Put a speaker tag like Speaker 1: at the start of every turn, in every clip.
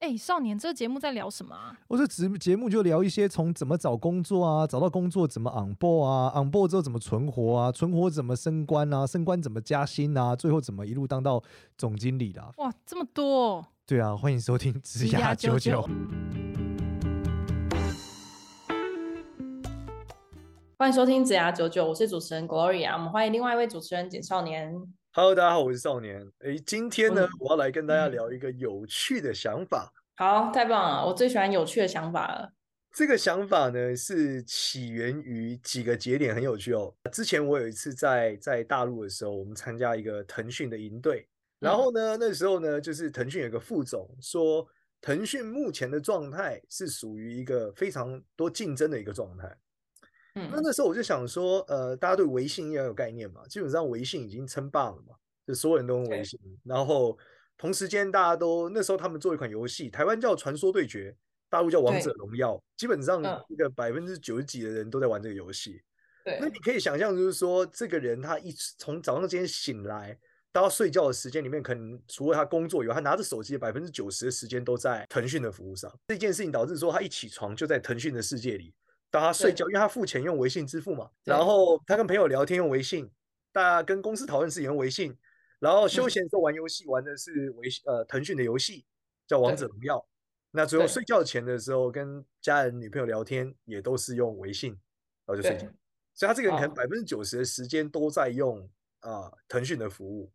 Speaker 1: 哎、欸，少年，這個節目在聊什麼啊？
Speaker 2: 我、哦、這節目就聊一些從怎麼找工作啊，找到工作怎麼 on board 啊，on board 之後怎麼存活啊，存活怎麼升官啊，升官怎麼加薪啊，最後怎麼一路當到總經理的。
Speaker 1: 哇，這麼多！
Speaker 2: 對啊，歡迎收聽職涯、涯九九。
Speaker 1: 歡迎收聽職涯九九，我是主持人 Gloria，我們歡迎另外一位主持人簡少年。
Speaker 2: Hello，大家好，我是少年。誒，今天呢，嗯，我要來跟大家聊一個有趣的想法。
Speaker 1: 好，太棒了，我最喜歡有趣的想法了。
Speaker 2: 這個想法呢，是起源於幾個節點，很有趣哦。之前我有一次在在大陸的時候，我們參加一個騰訊的營隊，然後呢，嗯，那時候呢，就是騰訊有個副總說，騰訊目前的狀態是屬於一個非常多競爭的一個狀態。那那時候我就想說，呃，大家對微信應該有概念嘛，基本上微信已經稱霸了嘛，就所有人都用微信。然後同時間，大家都那時候他們做一款遊戲，台灣叫《傳說對決》，大陸叫《王者榮耀》，基本上一個百分之九十幾的人都在玩這個遊戲。對。那你可以想象，就是說，這個人他一從早上之前醒來到睡覺的時間裡面，可能除了他工作以外，他拿着手機百分之九十的時間都在騰訊的服務上。這件事情導致說，他一起床就在騰訊的世界裡。當他睡覺，因為他付錢用微信支付嘛，然後他跟朋友聊天用微信，大家跟公司討論事情用微信，然後休閒的時候玩遊戲、嗯、玩的是微信呃騰訊的遊戲叫《王者榮耀》，那最後睡覺前的時候跟家人、女朋友聊天也都是用微信，然後就睡覺。所以他這個人可能百分之九十的時間都在用啊、嗯呃、騰訊的服務。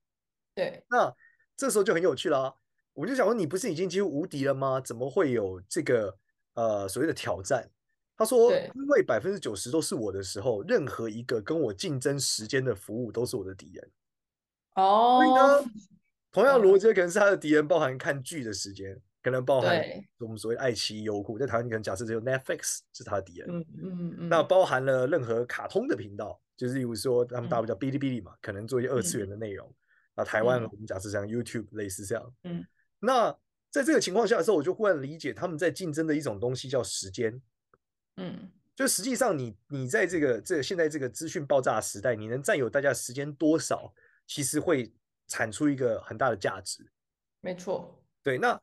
Speaker 2: 對，那這時候就很有趣啦。我就想問你，不是已經幾乎無敵了嗎？怎麼會有這個呃所謂的挑戰？他說：“因為百分之九十都是我的時候，任何一個跟我競爭時間的服務都是我的敵人。”哦，所以呢，同樣邏輯可能是他的敵人包含看劇的時間，Oh. 可能包含我們所謂愛奇藝、優酷，在台灣可能假設只有 Netflix 是他的敵人。嗯嗯，那包含了任何卡通的頻道，就是例如說他們大部分叫嗶哩嗶哩嘛，可能做一些二次元的內容、嗯。那台灣我們假設像 YouTube 類似這樣。
Speaker 1: 嗯、
Speaker 2: 那在這個情況下的時候，我就忽然理解他們在競爭的一種東西叫時間。嗯，就實際上你，你你在這個這個、現在這個資訊爆炸時代，你能占有大家時間多少，其實會產出一個很大的價值。沒錯，對，那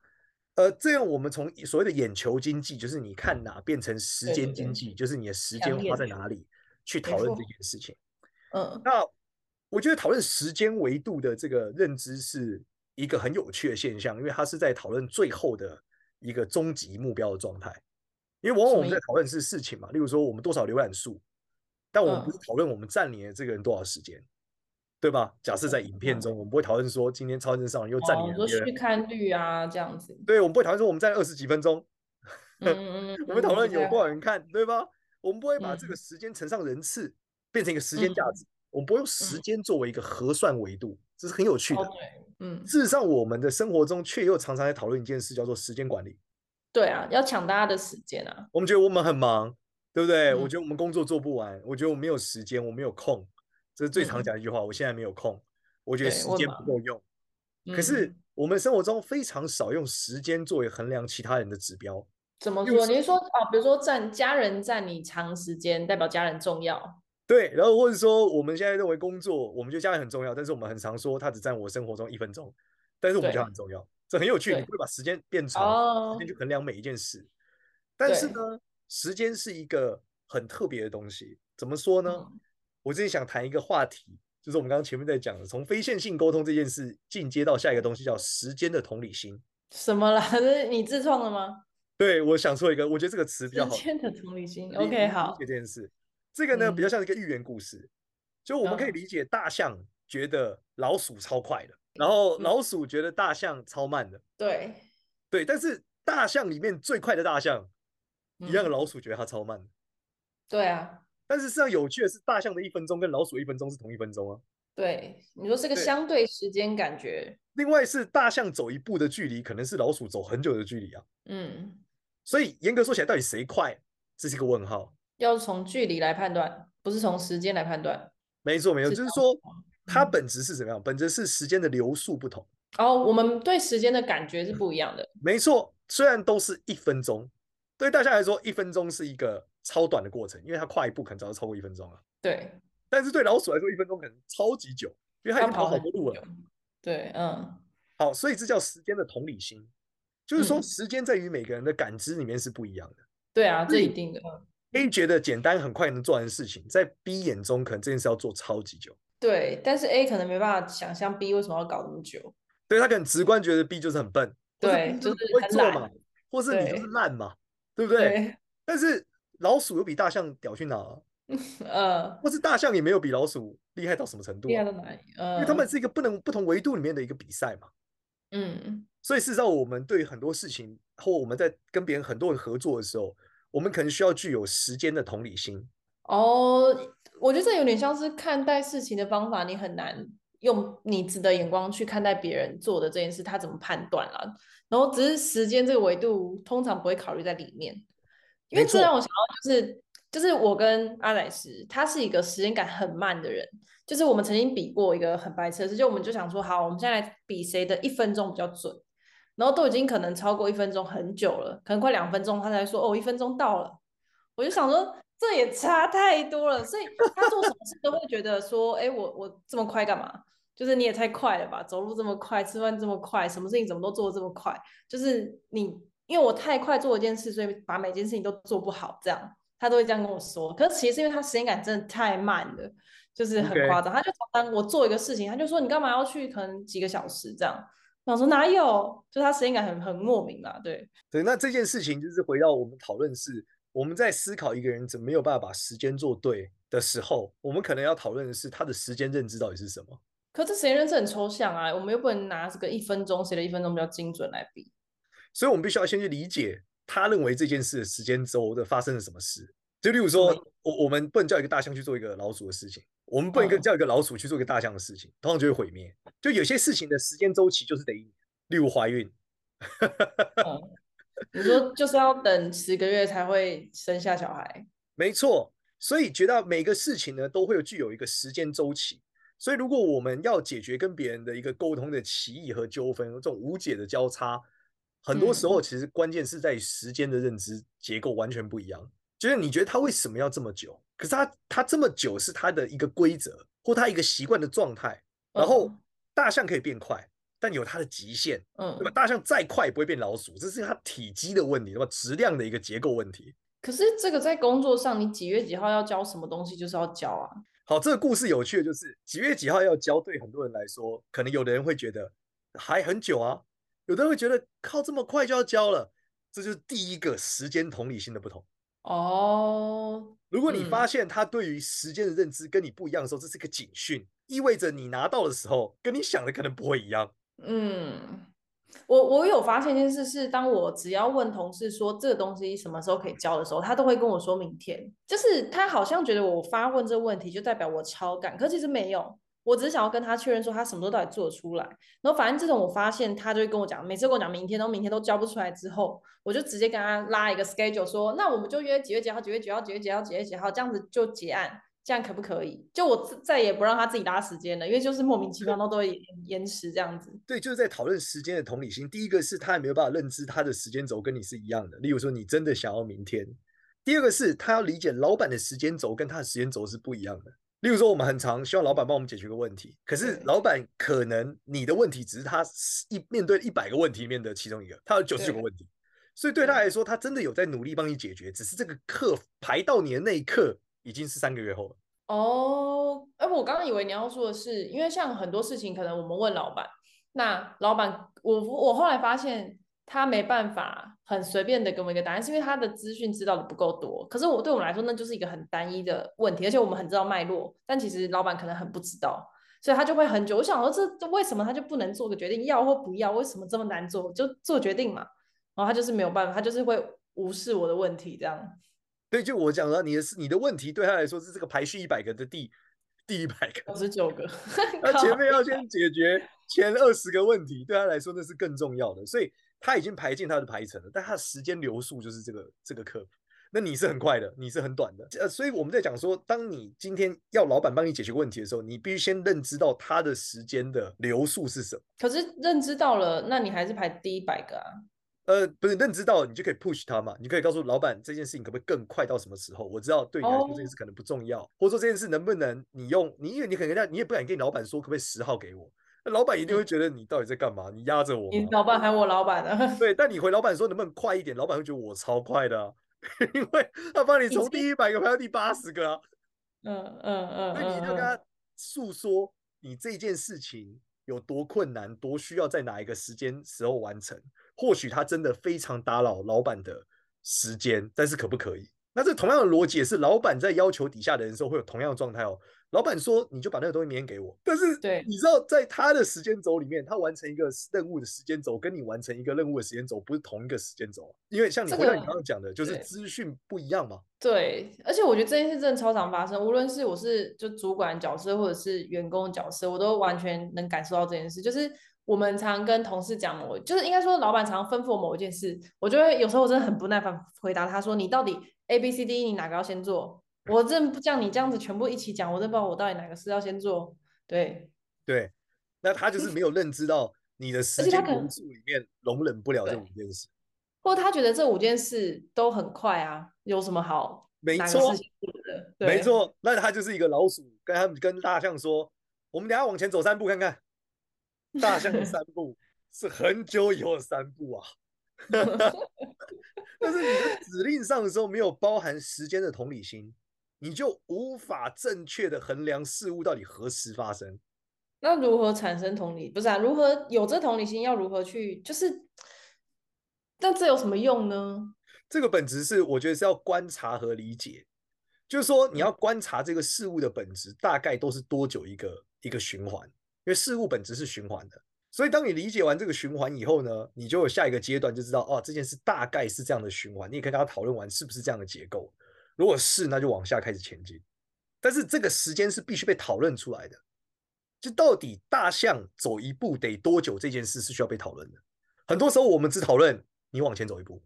Speaker 2: 呃，這樣我們從所謂的眼球經濟，就是你看哪變成時間經濟，就是你的時間花在哪裡去討論這件事情。嗯，那我覺得討論時間維度的這個認知是一個很有趣的現象，因為它是在討論最後的一個終極目標的狀態。因為往往我們在討論是事情嘛，例如說我們多少瀏覽數，但我們不討論我們佔領了這個人多少時間、嗯，對吧？假設在影片中，嗯、我們不會討論說今天超人上人又佔領，說、哦、續
Speaker 1: 看率啊這樣子，
Speaker 2: 對，我們不會討論說我們占了二十幾分鐘，嗯
Speaker 1: 嗯嗯、 我們討論有多少
Speaker 2: 人看、嗯，對吧？我們不會把這個時間乘上人次，變成一個時間價值、嗯，我們不會用時間作為一個核算維度、嗯，這是很有趣的。哦、嗯，事實上，我們的生活中卻又常常在討論一件事，叫做時間管理。
Speaker 1: 對啊，要搶大家的時間啊！
Speaker 2: 我們覺得我們很忙，對不對？嗯、我覺得我們工作做不完，我覺得我們沒有時間，我沒有空。這是最常講的一句話。嗯、我現在沒有空，我覺得時間不夠用。嗯、可是我們生活中非常少用時間作為衡量其他人的指標。
Speaker 1: 怎麼說？你您說啊？比如說占家人占你長時間，代表家人重要？
Speaker 2: 對。然後或者說，我們現在認為工作，我們覺得家人很重要，但是我們很常說他只占我生活中一分鐘，但是我們覺得很重要。這很有趣，你會把時間變長，去、oh, oh, oh. 衡量每一件事。但是呢，時間是一個很特別的東西。怎麼說呢？嗯、我最近想談一個話題，就是我們剛剛前面在講的，從非線性溝通這件事進階到下一個東西，叫時間的同理心。
Speaker 1: 什麼啦？是你自創的嗎？
Speaker 2: 對，我想說一個，我覺得這個詞比較好。時間
Speaker 1: 的同理心，OK，好。
Speaker 2: 這件事、嗯，這個呢，比較像一個寓言故事。就我們可以理解，大象覺得老鼠超快的。嗯然後老鼠覺得大象超慢的、嗯，對，對，但是大象裡面最快的大象，嗯、一樣的老鼠覺得它超慢、嗯、
Speaker 1: 對啊。
Speaker 2: 但是實際上有趣的是，大象的一分鐘跟老鼠一分鐘是同一分鐘啊。
Speaker 1: 對，你說這個相對時間感覺、
Speaker 2: 嗯。另外是大象走一步的距離，可能是老鼠走很久的距離啊。嗯。所以嚴格說起來，到底誰快，這是一個問號。
Speaker 1: 要從距離來判斷，不是從時間來判斷。
Speaker 2: 沒錯，沒錯，就是說。它本質是怎麼樣？本質是時間的流速不同。
Speaker 1: 哦、oh,，我們對時間的感覺是不一樣的。嗯、
Speaker 2: 沒錯，雖然都是一分鐘，對大家來說一分鐘是一個超短的過程，因為它跨一步可能早就超過一分鐘了。對。但是對老鼠來說，一分鐘可能超級久，因為它已經跑好要跑很多路了。對，嗯。好，所以這叫時間的同理心，嗯、就是說時間在於每個人的感知裡面是不一樣的。對啊，這一定的。A 覺得簡單很快能做完的事情，在 B 眼中可能這件事要做超級久。
Speaker 1: 對，但是 A 可能沒辦法想象 B 為什麼要搞那麼久。
Speaker 2: 對，他可能直觀覺得 B 就是很笨，對，就是不會做嘛、就是很，或是你就是慢嘛，對，對不對，對？但是老鼠又比大象屌去哪了？呃，或是大象也沒有比老鼠厲害到什麼程度、啊？厲
Speaker 1: 害到哪、呃、因為他們是
Speaker 2: 一個不能不同維度裡面的一個比賽嘛。嗯。所以事實上，我們對很多事情，或我們在跟別人很多人合作的時候，我們可能需要具有時間的同理心。
Speaker 1: 哦。我覺得這有點像是看待事情的方法，你很難用你自己的眼光去看待別人做的這件事，他怎麼判斷了、啊？然後只是時間這個維度通常不會考慮在裡面，
Speaker 2: 因為這讓我
Speaker 1: 想到就是就是我跟阿萊斯，他是一個時間感很慢的人，就是我們曾經比過一個很白痴的事，就我們就想說好，我們現在來比誰的一分鐘比較準，然後都已經可能超過一分鐘很久了，可能快兩分鐘，他才說哦，一分鐘到了，我就想說。這也差太多了，所以他做什麼事都會覺得說，哎、 欸，我我這麼快幹嘛？就是你也太快了吧，走路這麼快，吃飯這麼快，什麼事情怎麼都做得這麼快？就是你，因為我太快做一件事，所以把每件事情都做不好。這樣他都會這樣跟我說。可是其實因為他時間感真的太慢了，就是很誇張。Okay. 他就當我做一個事情，他就說你幹嘛要去？可能幾個小時這樣。我想說哪有？就是他時間感很很莫名嘛。對
Speaker 2: 對，那這件事情就是回到我們討論是。我們在思考一個人怎麼沒有辦法把時間做對的時候，我們可能要討論的是他的時間認知到底是什麼。
Speaker 1: 可是時間認知很抽象啊，我們又不能拿這個一分鐘，誰的一分鐘比較精準來比。
Speaker 2: 所以我們必須要先去理解他認為這件事的時間周的發生了什麼事。就例如說，我我們不能叫一個大象去做一個老鼠的事情，我們不能叫一個老鼠去做一個大象的事情，同樣就會毀滅。就有些事情的時間周期就是得一年，例如懷孕。 嗯
Speaker 1: 你說就是要等十個月才會生下小孩，
Speaker 2: 沒錯。所以覺得每個事情呢都會有具有一個時間週期。所以如果我們要解決跟別人的一個溝通的歧義和糾紛，這種無解的交叉，很多時候其實關鍵是在於時間的認知結構完全不一樣。嗯、就是你覺得他為什麼要這麼久？可是他他這麼久是他的一個規則，或他一個習慣的狀態。然後大象可以變快。嗯但有它的極限，嗯，那麼大象再快也不會變老鼠，這是它體積的問題，那麼質量的一個結構問題。
Speaker 1: 可是這個在工作上，你幾月幾號要交什麼東西，
Speaker 2: 就是要交啊。好，這個故事有趣的就是幾月幾號要交，對很多人來說，可能有的人會覺得還很久啊，有的人會覺得靠，這麼快就要交了，這就是第一個時間同理心的不同。哦，如果你發現他對於時間的認知跟你不一樣的時候，嗯，這是一個警訊，意味着你拿到的時候跟你想的可能不會一樣。
Speaker 1: 嗯，我我有發現一件事，是當我只要問同事說，這個東西什麼時候可以交的時候，他都會跟我說明天。就是他好像覺得我發問這個問題就代表我超趕，可其實沒有，我只是想要跟他確認說他什麼時候到底做出來。然後反正自從我發現，他就會跟我講，每次跟我講明天都明天都交不出來之後，我就直接跟他拉一個 schedule 說，那我們就約幾月幾號、幾月幾號、幾月幾號、幾月幾號這樣子就結案。這樣可不可以？就我再也不讓他自己搭時間了，因為就是莫名其妙都都會延遲這樣子
Speaker 2: 對。對，就是在討論時間的同理心。第一個是他也沒有辦法認知他的時間軸跟你是一樣的。例如說，你真的想要明天。第二個是他要理解老闆的時間軸跟他的時間軸是不一樣的。例如說，我們很常希望老闆幫我們解決個問題，可是老闆可能你的問題只是他一面對一百個問題面對其中一個，他有九十九個問題。所以對他來說，他真的有在努力幫你解決，只是這個課排到你的那一刻。已經是三個月後
Speaker 1: 了哦，哎，oh，我剛剛以為你要說的是，因為像很多事情，可能我們問老板，那老板，我我後來發現他沒辦法很隨便的給我一個答案，是因為他的資訊知道的不夠多。可是我對我們來說，那就是一個很單一的問題，而且我們很知道脈絡，但其實老板可能很不知道，所以他就會很久。我想說，這為什麼他就不能做個決定，要或不要？為什麼這麼難做？就做決定嘛，然後他就是沒有辦法，他就是會無視我的問題這樣。
Speaker 2: 對，就我講了，你的事，你的問題對他來說是這個排序一百個的第第一百個，二十九個，那 前面要先解決前二十個問題， 對他來說那是更重要的。所以他已經排進他的排程了，但他的時間流速就是這個這個刻。那你是很快的，你是很短的，呃，所以我們在講說，當你今天要老板幫你解決問題的時候，你必須先認知到他的時間的流速是什麼？
Speaker 1: 可是認知到了，那你還是排第一百個啊？
Speaker 2: 呃，不是，那你知道你就可以 push 他嘛，你可以告訴老板，這件事情可不可以更快到什麼時候？我知道對你來說這件事可能不重要，oh. 或者說這件事能不能你用？你因為你可能你也不敢跟你老板說，可不可以十號給我？老板一定會覺得你到底在幹嘛？你壓着我？你老板還我老板啊？對，但你回老板說，能不能快一點？老板會覺得我超快的，因為他幫你從第一百個排到第八十個啊。嗯嗯嗯，那你就跟他訴說你這件事情有多困難，多需要在哪一個時間時候完成。或許他真的非常打擾老板的時間，但是可不可以？那這同樣的邏輯也是老板在要求底下的人的時候會有同樣的狀態哦。老板說你就把那個東西明天給我，但是對，你知道在他的時間軸裡面，他完成一個任務的時間軸跟你完成一個任務的時間軸不是同一個時間軸，因為像你回到你剛剛講的，這個、就是資訊不一樣嘛。
Speaker 1: 對，而且我覺得這件事真的超常發生，無論是我是就主管角色或者是員工的角色，我都完全能感受到這件事，就是。我們常跟同事講我，我就是應該說，老闆常吩咐某一件事，我覺得時候我真的很不耐煩回答他說：“你到底 A B C D 你哪個要先做？”嗯、我真不像你這樣子全部一起講，我真不知道我到底哪個事要先做。對
Speaker 2: 對，那他就是沒有認知到你的事情裡面容忍不了這五件事，或
Speaker 1: 他覺得這五件事都很快啊，有什麼好？沒錯，沒錯，
Speaker 2: 沒錯。那他就是一個老鼠跟他們跟大象說：“我們等下往前走三步看看。” 大象的三步是很久以後的三步啊， 但是你在指令上的時候沒有包含時間的同理心，你就無法正確的衡量事物到底何時發生。
Speaker 1: 那如何產生同理？不是啊，如何有這同理心？要如何去？就是，但這有什
Speaker 2: 麼用呢？這個本質是，我覺得是要觀察和理解，就是說你要觀察這個事物的本質，大概都是多久一個一個循環。因為事物本質是循環的，所以當你理解完這個循環以後呢，你就有下一個階段，就知道哦、啊、這件事大概是這樣的循環。你也可以跟他討論完是不是這樣的結構，如果是，那就往下開始前進。但是這個時間是必須被討論出來的。就到底大象走一步得多久這件事是需要被討論的。很多時候我們只討論你往前走一步，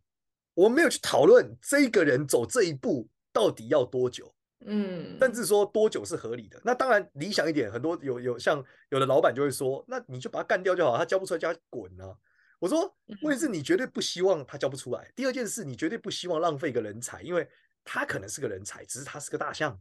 Speaker 2: 我們沒有去討論這個人走這一步到底要多久。嗯，甚至說多久是合理的？那當然理想一點。很多有有，有像有的老闆就會說，那你就把他幹掉就好，他交不出來就要滾啊！我說，問題是你絕對不希望他交不出來。第二件事，你絕對不希望浪費一個人才，因為他可能是個人才，只是他是個大象。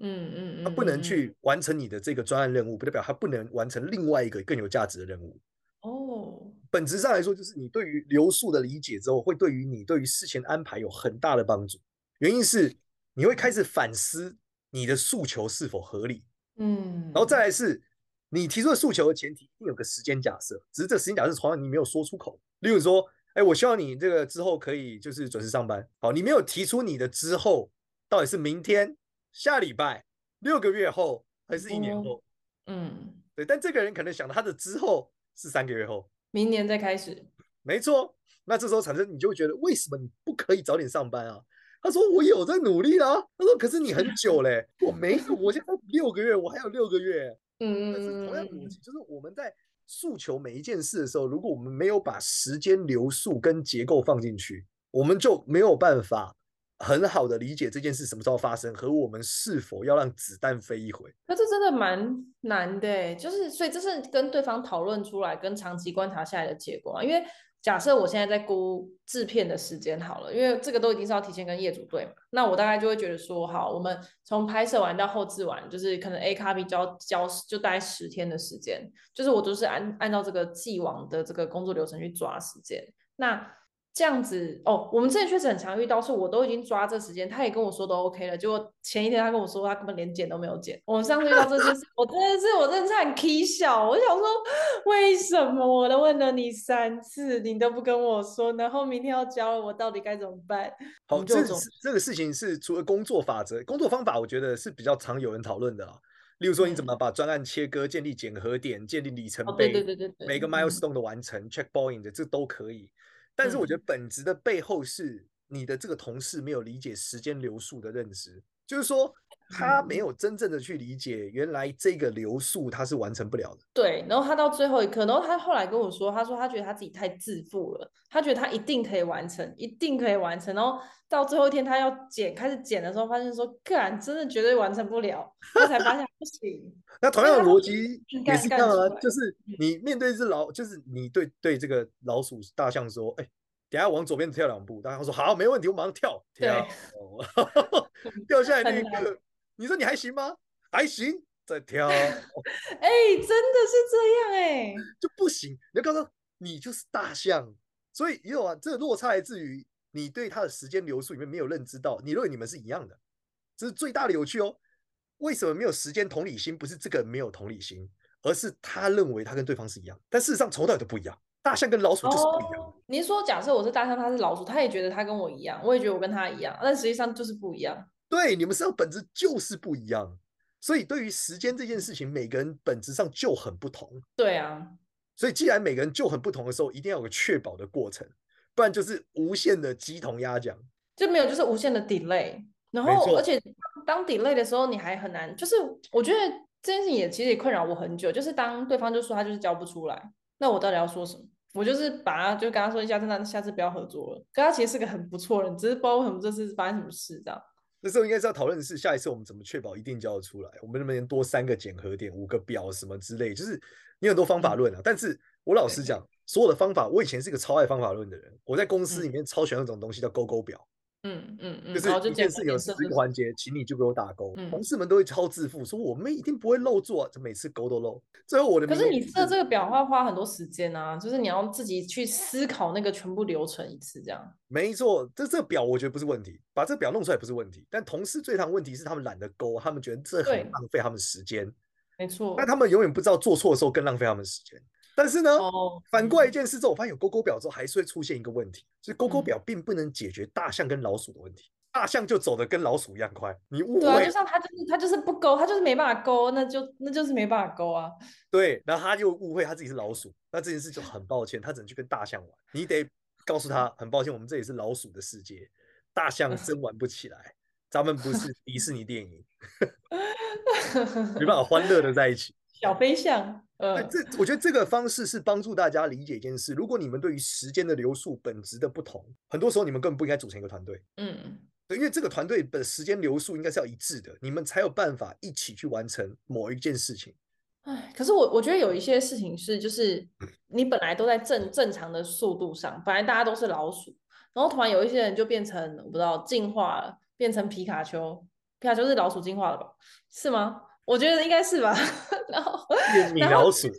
Speaker 1: 嗯嗯嗯，他不能去
Speaker 2: 完成你的這個專案任務，不代表他不能完成另外一個更有價值的任務。
Speaker 1: 哦，
Speaker 2: 本質上來說，就是你對於流速的理解之後，會對於你對於事前的安排有很大的幫助。原因是。你會開始反思你的訴求是否合理，嗯，然後再來是你提出的訴求的前提一定有個時間假設，只是這個時間假設從來你沒有說出口。例如說，哎，我希望你這個之後可以就是準時上班，好，你沒有提出你的之後到底是明天、下禮拜、六個月後還是一年後？哦，嗯，對。但這個人可能想他的之後是三個月後，
Speaker 1: 明年再開始，
Speaker 2: 沒錯。那這時候產生你就會覺得為什麼你不可以早點上班啊？他說我有在努力啦，啊。他說可是你很久嘞，欸， 我沒有，我現在六個月，我還有六個月。嗯，但是
Speaker 1: 同
Speaker 2: 樣的，就是我們在訴求每一件事的時候，如果我們沒有把時間流速跟結構放進去，我們就沒有辦法很好的理解這件事什麼時候發生，和我們是否要讓子彈飛一回。
Speaker 1: 可是真的蠻難的，欸，就是所以這是跟對方討論出來，跟長期觀察下來的結果，啊，因為。假設我現在在估制片的時間好了，因為這個都一定是要提前跟業主對嘛。那我大概就會覺得說，好，我們從拍攝完到後製完，就是可能 A copy 交交就待十天的時間，就是我都是按按照這個既往的這個工作流程去抓時間。那這樣子哦，我們之前確實很常遇到，是我都已經抓這時間，他也跟我說都 OK 了。結果前一天他跟我說他根本連剪都沒有剪。我上次遇到這件事， 我真的是我真的是很蹊笑。我想說為什麼？我都問了你三次，你都不跟我說。然後明天要交了，我到底該怎麼辦？好，這
Speaker 2: 這個事情是除了工作法則、工作方法，我覺得是比較常有人討論的啦，例如說你怎麼把專案切割、建立檢核點、建立里程碑，哦、對對對對對，每個 milestone 的完成、嗯、check point 的，這都可以。但是我覺得本質的背後是你的這個同事沒有理解時間流速的認知，就是說。他沒有真正的去理解，原來這個流速他是完成不了的，嗯。
Speaker 1: 對，然後他到最後一刻，然後他後來跟我說，他說他覺得他自己太自負了，他覺得他一定可以完成，一定可以完成。然後到最後一天，他要剪開始剪的時候，發現說，果然真的絕對完成不了，他才發現不行。 那同樣的邏
Speaker 2: 輯，啊、也是這樣啊，就是你面對一只老，就是你對對這個老鼠大象說，哎、欸，等下往左邊跳兩步，大象說好，沒問題，我馬上跳跳，一下對哦， 掉下來那一刻。你說你還行嗎？還行，再挑。哎、 欸，真的是這樣哎、欸，就不行。你要告訴，你就是大象，所以也有啊，這個落差來自於你對他的時間流速裡面沒有認知到。你認為你們是一樣的，這是最大的有趣哦。為什麼沒有時間同理心？不是這個沒有同理心，而是他認為他跟對方是一樣，但事實上，從來都不一樣。大象跟老鼠就是不一樣。
Speaker 1: 您、哦、說，假設我是大象，他是老鼠，他也覺得他跟我一樣，我也覺得我跟他一樣，但實際上就是不一樣。
Speaker 2: 對，你們上本質就是不一樣，所以對於時間這件事情，每個人本質上就很不同。對啊，所以既然每個人就很不同的時候，一定要有個確保的過程，不然就是無限的雞同鴨講，
Speaker 1: 就沒有就是無限的 delay。然後，而且當 delay 的時候，你還很難，就是我覺得這件事情也其實也困擾我很久，就是當對方就說他就是交不出來，那我到底要說什麼？我就是把他就跟他說一下，真的下次不要合作了。跟他其實是個很不錯的人，只是不知道為什麼這次發生什麼事這樣。
Speaker 2: 那時候應該是要討論的是，下一次我們怎麼確保一定交得出來？我們能不能多三個檢核點、五個表什麼之類？就是你有很多方法論啊。但是我老實講，所有的方法，我以前是一個超愛方法論的人，我在公司裡面超喜歡那種東西叫勾勾表。
Speaker 1: 嗯嗯嗯，就是這件事有十個環
Speaker 2: 節、嗯，請你就給我打勾。嗯、同事們都會超自負，說我們一定不會漏做、啊，就每次勾都漏。最後我的、就是、可是你
Speaker 1: 設這個表會花很多時間啊，就是你要自己去思考那個全部流程一次這
Speaker 2: 樣。沒錯，這這表我覺得不是問題，把這個表弄出來不是問題。但同事最大問題是他們懶得勾，他們覺得這很浪費他們時間。沒錯，那他們永遠不知道做錯的時候更浪費他們時間。但是呢，oh. 反過來一件事之後，我發現有勾勾表之後，還是會出現一個問題，就是勾勾表並不能解決大象跟老鼠的問題。嗯、大象就走的跟老鼠一樣快，你誤會了。對啊，就像
Speaker 1: 他就是他就是不勾，他就是沒辦法勾，那就那就是沒辦法勾啊。
Speaker 2: 對，然後他就誤會他自己是老鼠，那這件事就很抱歉，他只能去跟大象玩。你得告訴他，很抱歉，我們這裡是老鼠的世界，大象真玩不起來， 咱們不是迪士尼電影， 沒辦法歡樂的在一起。
Speaker 1: 小飛象，呃、嗯，這我
Speaker 2: 覺得這個方式是幫助大家理解一件事。如果你們對於時間的流速本質的不同，很多時候你們根本不應該組成一個團隊。嗯，對，因為這個團隊的時間流速應該是要一致的，你們才有辦法一起去完成某一件事情。
Speaker 1: 唉，可是我我覺得有一些事情是，就是你本來都在正正常的速度上，本來大家都是老鼠，然後突然有一些人就變成我不知道進化了，變成皮卡丘。皮卡丘是老鼠進化了吧？是嗎？我覺得應該是吧，
Speaker 2: 然後變米老鼠，
Speaker 1: 就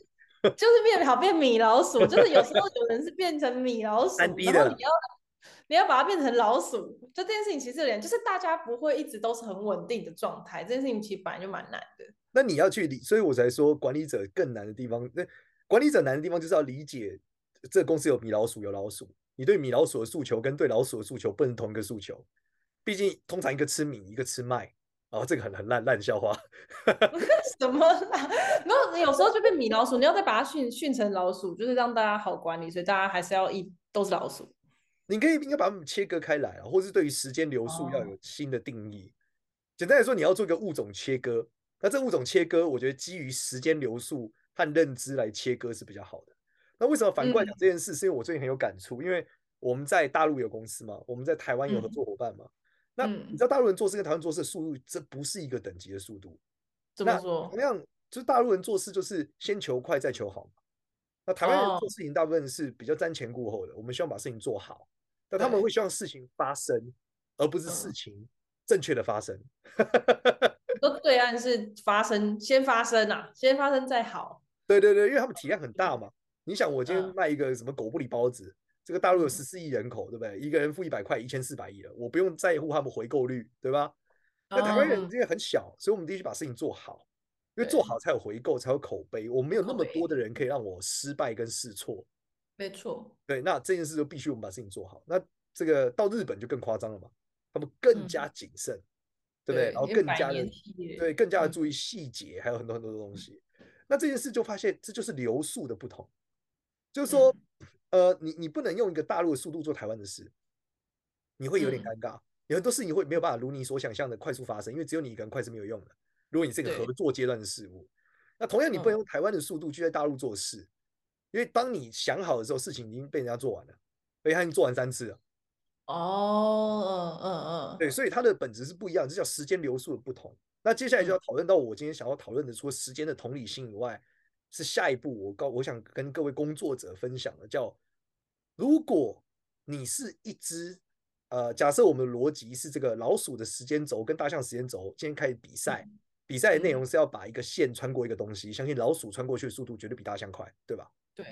Speaker 1: 是變好變米老鼠， 就，是老鼠 就是有時候有人是變成米老鼠，然後你要你要把它變成老鼠，就這件事情其實連就是大家不會一直都是很穩定的狀態，這件事情其實本來就蠻難
Speaker 2: 的。那你要去理，所以我才說管理者更難的地方，那管理者難的地方就是要理解這個、公司有米老鼠有老鼠，你對米老鼠的訴求跟對老鼠的訴求不能同一個訴求，畢竟通常一個吃米一個吃麥。哦，這個很很爛爛笑話，
Speaker 1: 什麼啦？然後你有時候就變米老鼠，你要再把它訓訓成老鼠，就是讓大家好管理，所以大家還是要一都是老鼠。
Speaker 2: 你可以應該把它們切割開來啊，或是對於時間流速要有新的定義，哦。簡單來說，你要做一個物種切割，那這物種切割，我覺得基於時間流速和認知來切割是比較好的。那為什麼反過來講這件事，嗯，是因為我最近很有感觸，因為我們在大陸有公司嘛，我們在台灣有合作夥伴嘛。嗯那你知道大陸人做事跟台灣做事的速度，這不是一個等級的速度。怎麼說？同樣，就是大陸人做事就是先求快再求好嘛。那台灣人做事情大部分是比較瞻前顧後的、哦，我們希望把事情做好，但他們會希望事情發生，而不是事情正確的發生。
Speaker 1: 說 對岸是發生，先發生啊，先發生再好。
Speaker 2: 對對對，因為他們體量很大嘛。你想，我今天賣一個什麼狗不理包子？這個大陸有十四億人口，對不對？一個人付一百塊，一千四百億了。我不用在乎他們回購率，對吧？那台灣人因為很小，uh, 所以我們必須把事情做好，因為做好才有回購，才有口碑。我們沒有那麼多的人可以讓我失敗跟試錯，
Speaker 1: 沒錯。
Speaker 2: 對，那這件事就必須我們把事情做好。那這個到日本就更誇張了嘛？他們更加謹慎，嗯、
Speaker 1: 對不對,對？然後更加的
Speaker 2: 對，更加的注意細節，嗯、還有很多很多的東西。那這件事就發現，這就是流速的不同，就是說。嗯呃，你你不能用一個大陸的速度做台灣的事，你會有點尷尬、嗯。有很多事你會沒有辦法如你所想象的快速發生，因為只有你一個人快是沒有用的。如果你這個合作階段的事物，那同樣你不能用台灣的速度去在大陸做事、嗯，因為當你想好的時候，事情已經被人家做完了，而且他已經做完三次了。哦，嗯嗯嗯，對，所以它的本質是不一樣，這叫時間流速的不同。那接下來就要討論到我今天想要討論的，除了時間的同理性以外。是下一步，我告我想跟各位工作者分享的，叫如果你是一只，呃，假設我們的邏輯是這個老鼠的時間軸跟大象時間軸，今天開始比賽、嗯，比賽的內容是要把一個線穿過一個東西、嗯，相信老鼠穿過去的速度絕對比大象快，對吧？
Speaker 1: 對。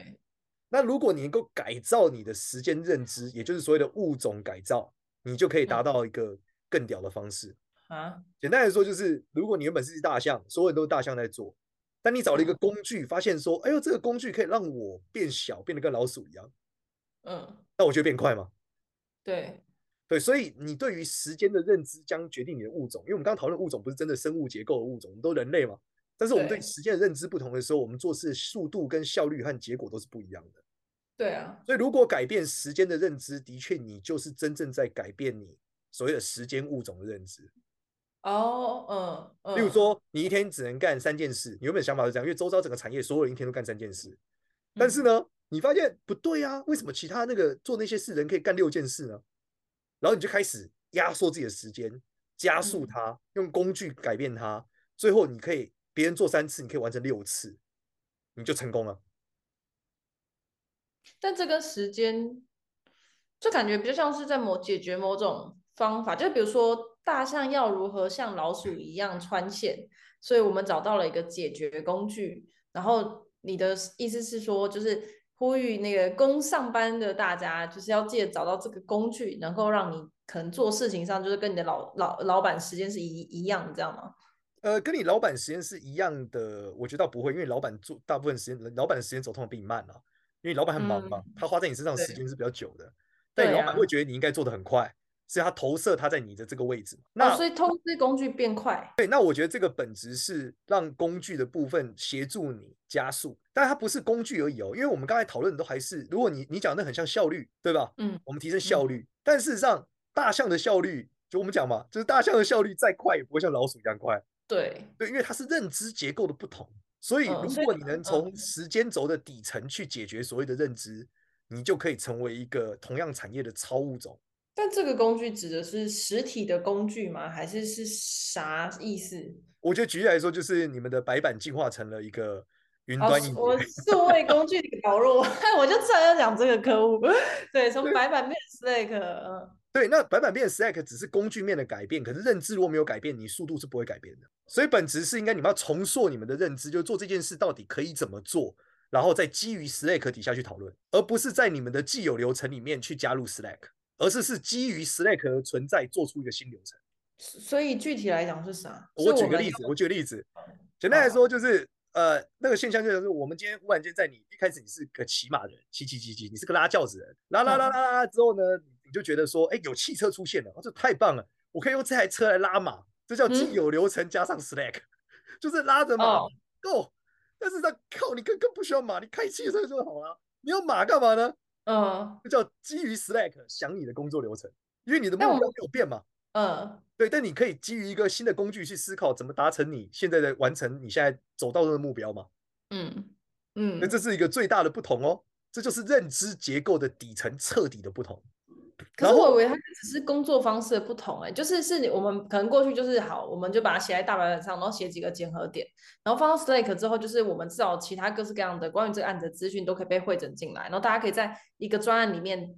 Speaker 2: 那如果你能夠改造你的時間認知，也就是所謂的物種改造，你就可以達到一個更屌的方式啊、嗯。簡單來說，就是如果你原本是只大象，所有人都是大象在做。但你找了一個工具，發現說：“哎呦，這個工具可以讓我變小，變得跟老鼠一樣。”嗯，那我就會變快嗎？對，對，所以你對於時間的認知將決定你的物種。因為我們剛剛討論物種，不是真的生物結構的物種，我們都人類嘛。但是我們對時間的認知不同的時候，我們做事的速度跟效率和結果都是不一樣的。
Speaker 1: 對啊，
Speaker 2: 所以如果改變時間的認知，的確你就是真正在改變你所謂的“時間物種”的認知。哦，嗯，例如說，你一天只能幹三件事，你原本的想法是這樣，因為周遭整個產業所有人一天都幹三件事。但是呢，你發現不對呀、啊，為什麼其他那個做那些事的人可以幹六件事呢？然後你就開始壓縮自己的時間，加速它，用工具改變它，最後你可以別人做三次，你可以完成六次，你就成功了。
Speaker 1: 但這個時間，就感覺比較像是在某解決某種方法，就比如說。大象要如何像老鼠一樣穿線？所以我們找到了一個解決工具。然後你的意思是說，就是呼籲那個工上班的大家，就是要借找到這個工具，能夠讓你可能做事情上就是跟你的老老老板時間是一一樣，你知道嗎？
Speaker 2: 呃，跟你老板時間是一樣的，我覺得倒不會，因為老板做大部分時間，老板的時間走通的比你慢啊，因為老板很忙嘛、嗯，他花在你身上的時間是比較久的，但老板會覺得你應該做得很快。是它投射，它在你的這個位置。那、
Speaker 1: 啊、所以，投資工具變快。
Speaker 2: 對，那我覺得這個本質是讓工具的部分協助你加速，但它不是工具而已哦。因為我們剛才討論的都還是，如果你你講那很像效率，對吧？嗯，我們提升效率，嗯、但事實上，大象的效率就我們講嘛，就是大象的效率再快也不會像老鼠一樣快。對，對，因為它是認知結構的不同。所以，如果你能從時間軸的底層去解決所謂的認知、嗯，你就可以成為一個同樣產業的超物種。
Speaker 1: 但這個工具指的是實體的工具嗎？還是是啥意思？
Speaker 2: 我覺得舉例來說，就是你們的白板進化成了一個雲端、哦，我
Speaker 1: 數位工具導入， 我就自然要講這個科目。對，從白板變的 Slack，
Speaker 2: 對，那白板變的 Slack 只是工具面的改變，可是認知如果沒有改變，你速度是不會改變的。所以本質是應該你們要重塑你們的認知，就是、做這件事到底可以怎麼做，然後再基於 Slack 底下去討論，而不是在你們的既有流程裡面去加入 Slack。而是是基於 Slack 的存在，做出一個新流程，
Speaker 1: 所以具體來講是啥？我舉個例子我，我舉個例子，
Speaker 2: 簡單來說就是，哦、呃，那個現象就是我們今天忽然間在你一開始你是個騎馬人，騎騎騎騎，你是個拉轎子人，拉拉拉拉拉之後呢，你就覺得說，哎、欸，有汽車出現了，這、啊、說太棒了，我可以用這台車來拉馬，這叫既有流程加上 Slack，、嗯、 就是拉着馬、哦、go，但是他靠你更更不需要馬，你開汽車就好了、啊，你用馬幹嘛呢？嗯，就叫基於 Slack 想你的工作流程，因為你的目標沒有變嘛。嗯，對，但你可以基於一個新的工具去思考怎麼達成你現在的完成你現在走到這的目標嘛。嗯嗯，那這是一個最大的不同哦，這就是認知結構的底層徹底的不同。可是我以
Speaker 1: 為他只是工作方式的不同。哎、欸，就是是我們可能過去就是好，我們就把它寫在大白板上，然後寫幾個結合點，然後放到 Slack 之後，就是我們至少其他各式各樣的關於這個案子的資訊都可以被彙整進來，然後大家可以在一個專案裡面，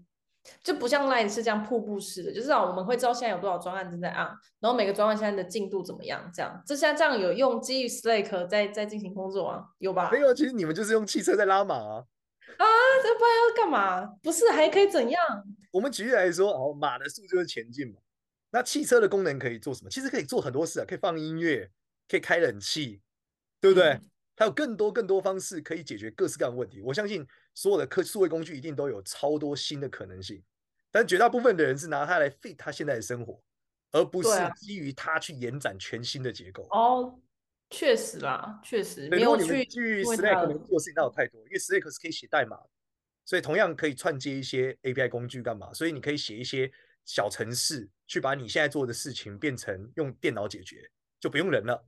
Speaker 1: 就不像 line 是這樣瀑布式的，就是我們會知道現在有多少專案正在按，然後每個專案現在的進度怎麼樣，這樣，這樣這下這樣有用基於 Slack 在在進行工作啊？有吧？沒
Speaker 2: 有，其實你們就是用汽車在拉馬
Speaker 1: 啊，啊，這不然要幹嘛？不是還可以怎樣？
Speaker 2: 我們舉例來說，哦，馬的速度就是前進嘛。那汽車的功能可以做什麼？其實可以做很多事啊，可以放音樂，可以開冷氣，對不對、嗯？還有更多更多方式可以解決各式各樣的問題。我相信所有的科數位工具一定都有超多新的可能性，但絕大部分的人是拿它來 fit 他現在的生活，而不是基於它去延展全新的結構。
Speaker 1: 啊、哦，確實啦，確實你可沒有去基於 Slack 能
Speaker 2: 做的事情那有太多，因為 Slack 是可以寫代碼。所以同樣可以串接一些 API 工具幹嘛？所以你可以寫一些小程式去把你現在做的事情變成用電腦解決，就不用人了。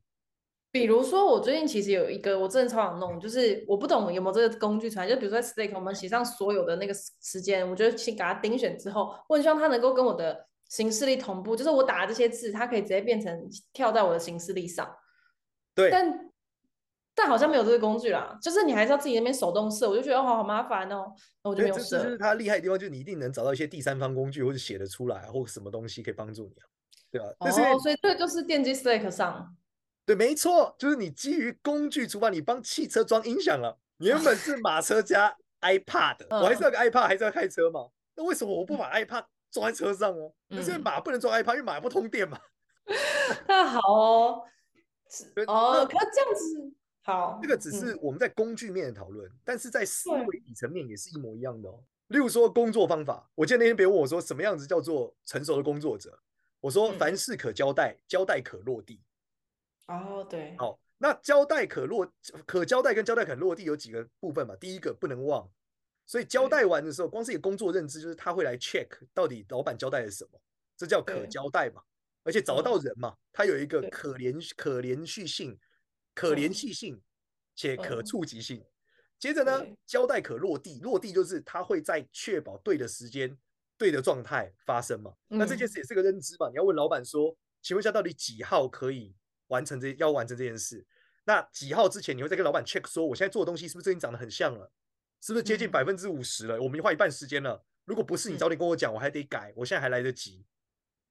Speaker 1: 比如說我最近其實有一個，我真的超想弄，就是我不懂有沒有這個工具出來。就比如說在 Stake 我們寫上所有的那個時間，我就去給它定選之後，我很希望它能夠跟我的行事曆同步，就是我打這些字，它可以直接變成跳在我的行事曆上。
Speaker 2: 對。但
Speaker 1: 好像沒有這個工具啦，就是你還是要自己那邊手動設，我就覺得哦，好麻煩哦，我就沒設。是就是
Speaker 2: 它厲害的地方，就是你一定能找到一些第三方工具或者寫得出來，或什麼東西可以幫助你啊，對啊哦，所
Speaker 1: 以這就是電機 Slack 上，
Speaker 2: 對，沒錯，就是你基於工具出發，你幫汽車裝音響了，原本是馬車加 iPad， 我還是要個 iPad，還是要開車嘛？那、嗯、為什麼我不把 iPad 裝在車上呢？就、嗯、是馬不能裝 iPad，因為馬不通電嘛。 那好哦，哦，可這樣子。好、嗯，這個只是我們在工具面的討論，嗯、但是在思維的層面也是一模一樣的哦。例如說工作方法，我記得那天別問我說，什麼樣子叫做成熟的工作者，我說凡事可交代，嗯、交代可落地。哦，對。好，那交代可落可交代跟交代可落地有幾個部分嘛？第一個不能忘，所以交代完的時候，光是有工作認知，就是他會來 check 到底老板交代了什麼，這叫可交代嘛？而且找到人嘛，嗯、他有一個可連可連續性。可聯繫性且可觸及性、oh.，oh. 接着呢，交代可落地，落地就是他會在確保對的時間、對的狀態發生嘛？那這件事也是個認知吧？你要問老板說，請問一下到底幾號可以完成這要完成這件事？那幾號之前你會再跟老板 check 說，我現在做的東西是不是已經長得很像了？是不是接近百分之五十了？我們沒花一半時間了。如果不是，你早點跟我講，我還得改。我現在還來得及。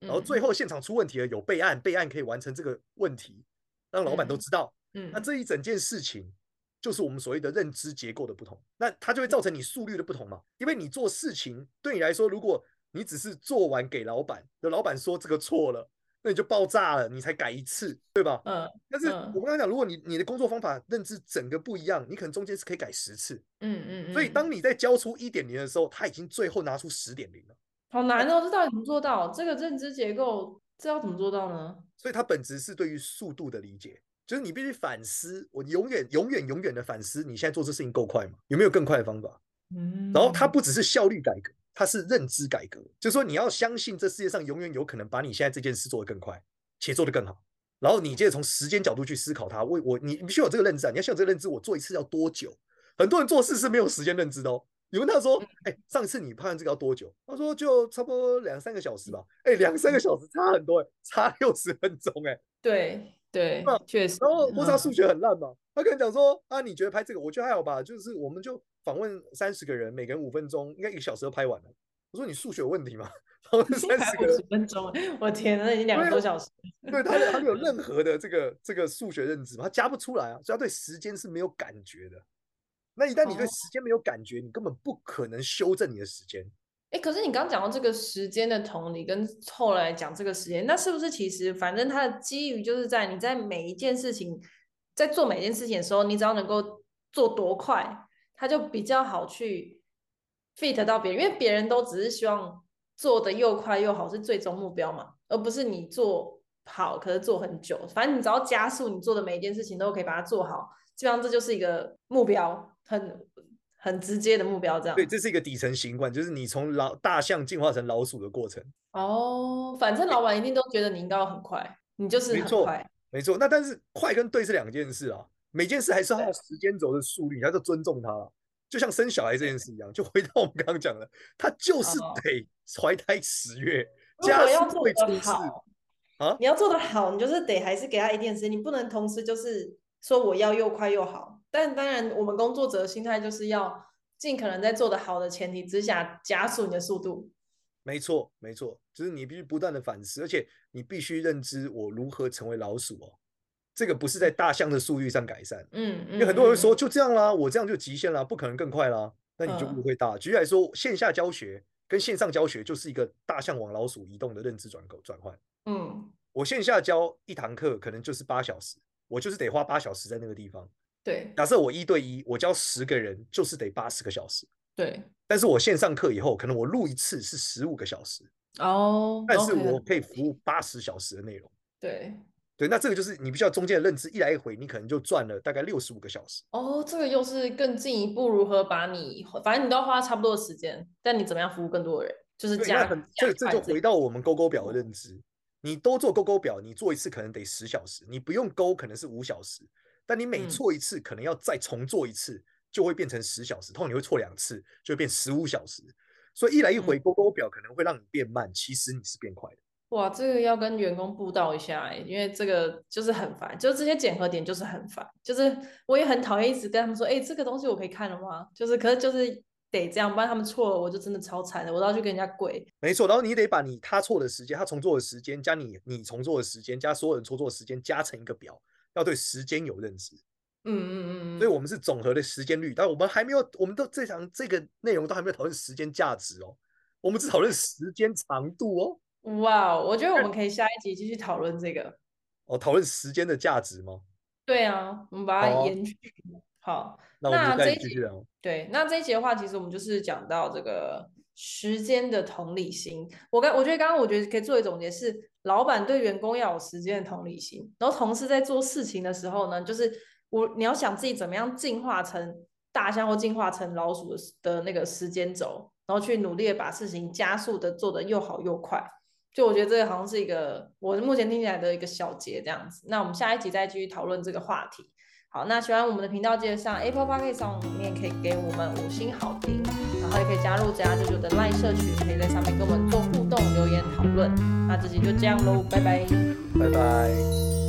Speaker 2: 然後最後現場出問題了，有備案，備案可以完成這個問題，讓老板都知道。嗯，那這一整件事情就是我們所謂的認知結構的不同，那它就會造成你速率的不同嘛？因為你做事情對你來說，如果你只是做完給老闆，那老闆說這個錯了，那你就爆炸了，你才改一次，對吧？嗯、呃。但是我剛剛講，如果你你的工作方法認知整個不一樣，你可能中間是可以改十次。嗯嗯，嗯。所以當你在交出一點零的時候，他已經最後拿出十點零
Speaker 1: 了。好難哦、啊，這到底怎麼做到？這個認知結構，這要怎麼做到呢？
Speaker 2: 所以它本質是對於速度的理解。就是你必須反思，我永遠、永遠、永遠的反思，你現在做這事情夠快嗎？有沒有更快的方法？嗯。然後它不只是效率改革，它是認知改革。就是說，你要相信這世界上永遠有可能把你現在這件事做得更快，且做得更好。然後你接着從時間角度去思考它。為我，我，你必須有這個認知、啊，你需要有這個認知。我做一次要多久？很多人做事是沒有時間認知的哦。你問他說：“哎、嗯欸，上次你拍完這個要多久？”他說：“就差不多兩三個小時吧。欸”哎，兩三個小時差很多、欸，差六十分鐘哎、欸。對。對、嗯，確實。嗯、然後莫扎數學很爛嘛，他可能講說啊，你覺得拍這個，我覺得還好吧，就是我們就訪問三十個人，每個人五分鐘，應該一個小時都拍完了。我說你數學有問題嗎？然後三十個十分鐘，我天，那已經兩個多小時。對，對他他沒有任何的這個這個數學認知嘛，他加不出來啊，所以他對時間是沒有感覺的。那一旦你對時間沒有感覺，你根本不可能修正你的時間。
Speaker 1: 哎、欸，可是你剛剛講到這個時間的同理，跟後來講這個時間，那是不是其實反正它的基於就是在你在每一件事情，在做每一件事情的時候，你只要能夠做多快，它就比較好去 fit 到別人，因為別人都只是希望做得又快又好是最終目標嘛，而不是你做好可是做很久，反正你只要加速，你做的每一件事情都可以把它做好，基本上這就是一個目標，很很直接的目標這樣。對，這
Speaker 2: 是一個底層習慣，就是你從老大象進化成老鼠的過程。
Speaker 1: 哦，反正老板一定都覺得你應該要很快，你就是很快。沒錯，
Speaker 2: 沒錯。那但是快跟對是兩件事啊，每件事還是要有時間軸的速率，你要就尊重它。就像生小孩這件事一樣，就回到我們剛剛講的，他就是得懷胎十月，家會出事啊。
Speaker 1: 你要做得好，啊，你就是得還是給他一件事，你不能同時就是。說我要又快又好，但當然，我們工作者的心態就是要盡可能在做得好的前提之下，只想加速你的速度。
Speaker 2: 沒錯，沒錯，就是你必須不斷的反思，而且你必須認知我如何成為老鼠哦。這個不是在大象的速度上改善，嗯，因為很多人會說、嗯、就這樣啦，我這樣就極限啦，不可能更快啦，那、嗯、你就誤會大。舉例來說，線下教學跟線上教學就是一個大象往老鼠移動的認知轉換轉換。
Speaker 1: 嗯，
Speaker 2: 我線下教一堂課可能就是八小時。我就是得花八小時在那個地方。對，假設我一對一，我教十個人，就是得八十個小時。對，但是我線上課以後，可能我錄一次是十五個小時哦，oh, okay. 但是我可以服務八十小時的內容。對，對，那這個就是你必須要中間的認知，一來一回，你可能就賺了大概六十五個小時。
Speaker 1: 哦、oh，這個又是更進一步，如何把你反正你都要花差不多的時間，但你怎麼樣服務更多的人，就是加分。
Speaker 2: 這這個、就回到我們勾勾表的認知。嗯你都做勾勾表，你做一次可能得十小時，你不用勾可能是五小時，但你每錯一次可能要再重做一次，就、嗯次，就會變成十小時。通常你會錯兩次，就變十五小時。所以一來一回勾勾表可能會讓你變慢，嗯、其實你是變快的。
Speaker 1: 哇，這個要跟員工布道一下、欸，因為這個就是很煩，就這些檢核點就是很煩，就是我也很討厭一直跟他們說，哎、欸，這個東西我可以看了嗎？就是可是就是。得這樣，不然他們錯了，我就真的超慘的。我都要去跟人家跪。
Speaker 2: 沒錯，然後你得把你他錯的時間、他重做的時間，加你你重做的時間，加所有人重做的時間，加成一個表，要對時間有認識。嗯嗯嗯。所以我們是總和的時間率，但我們還沒有，我們都這場這個內容都還沒有討論時間價值哦，我們只討論時間長度哦。
Speaker 1: 哇、Wow，我覺得我們可以下一集繼續討論這個。
Speaker 2: 哦，討論時間的價值嗎？
Speaker 1: 對啊，我們把它延續。哦。好那，那這一集對，那這一集的話，其實我們就是講到這個時間的同理心。我剛我覺得剛剛我覺得可以做一總結，是老闆對員工要有時間的同理心，然後同事在做事情的時候呢，就是我你要想自己怎麼樣進化成大象或進化成老鼠的那個時間軸，然後去努力的把事情加速的做得又好又快。就我覺得這個好像是一個我目前聽起來的一個小結這樣子。那我們下一集再繼續討論這個話題。好，那喜歡我們的頻道介，記得上 Apple Podcast 上面可以給我們五星好評，然後也可以加入職涯99的 LINE 社群，可以在上面跟我們做互動、留言討論。那這期就這樣嘍，拜拜，
Speaker 2: 拜拜。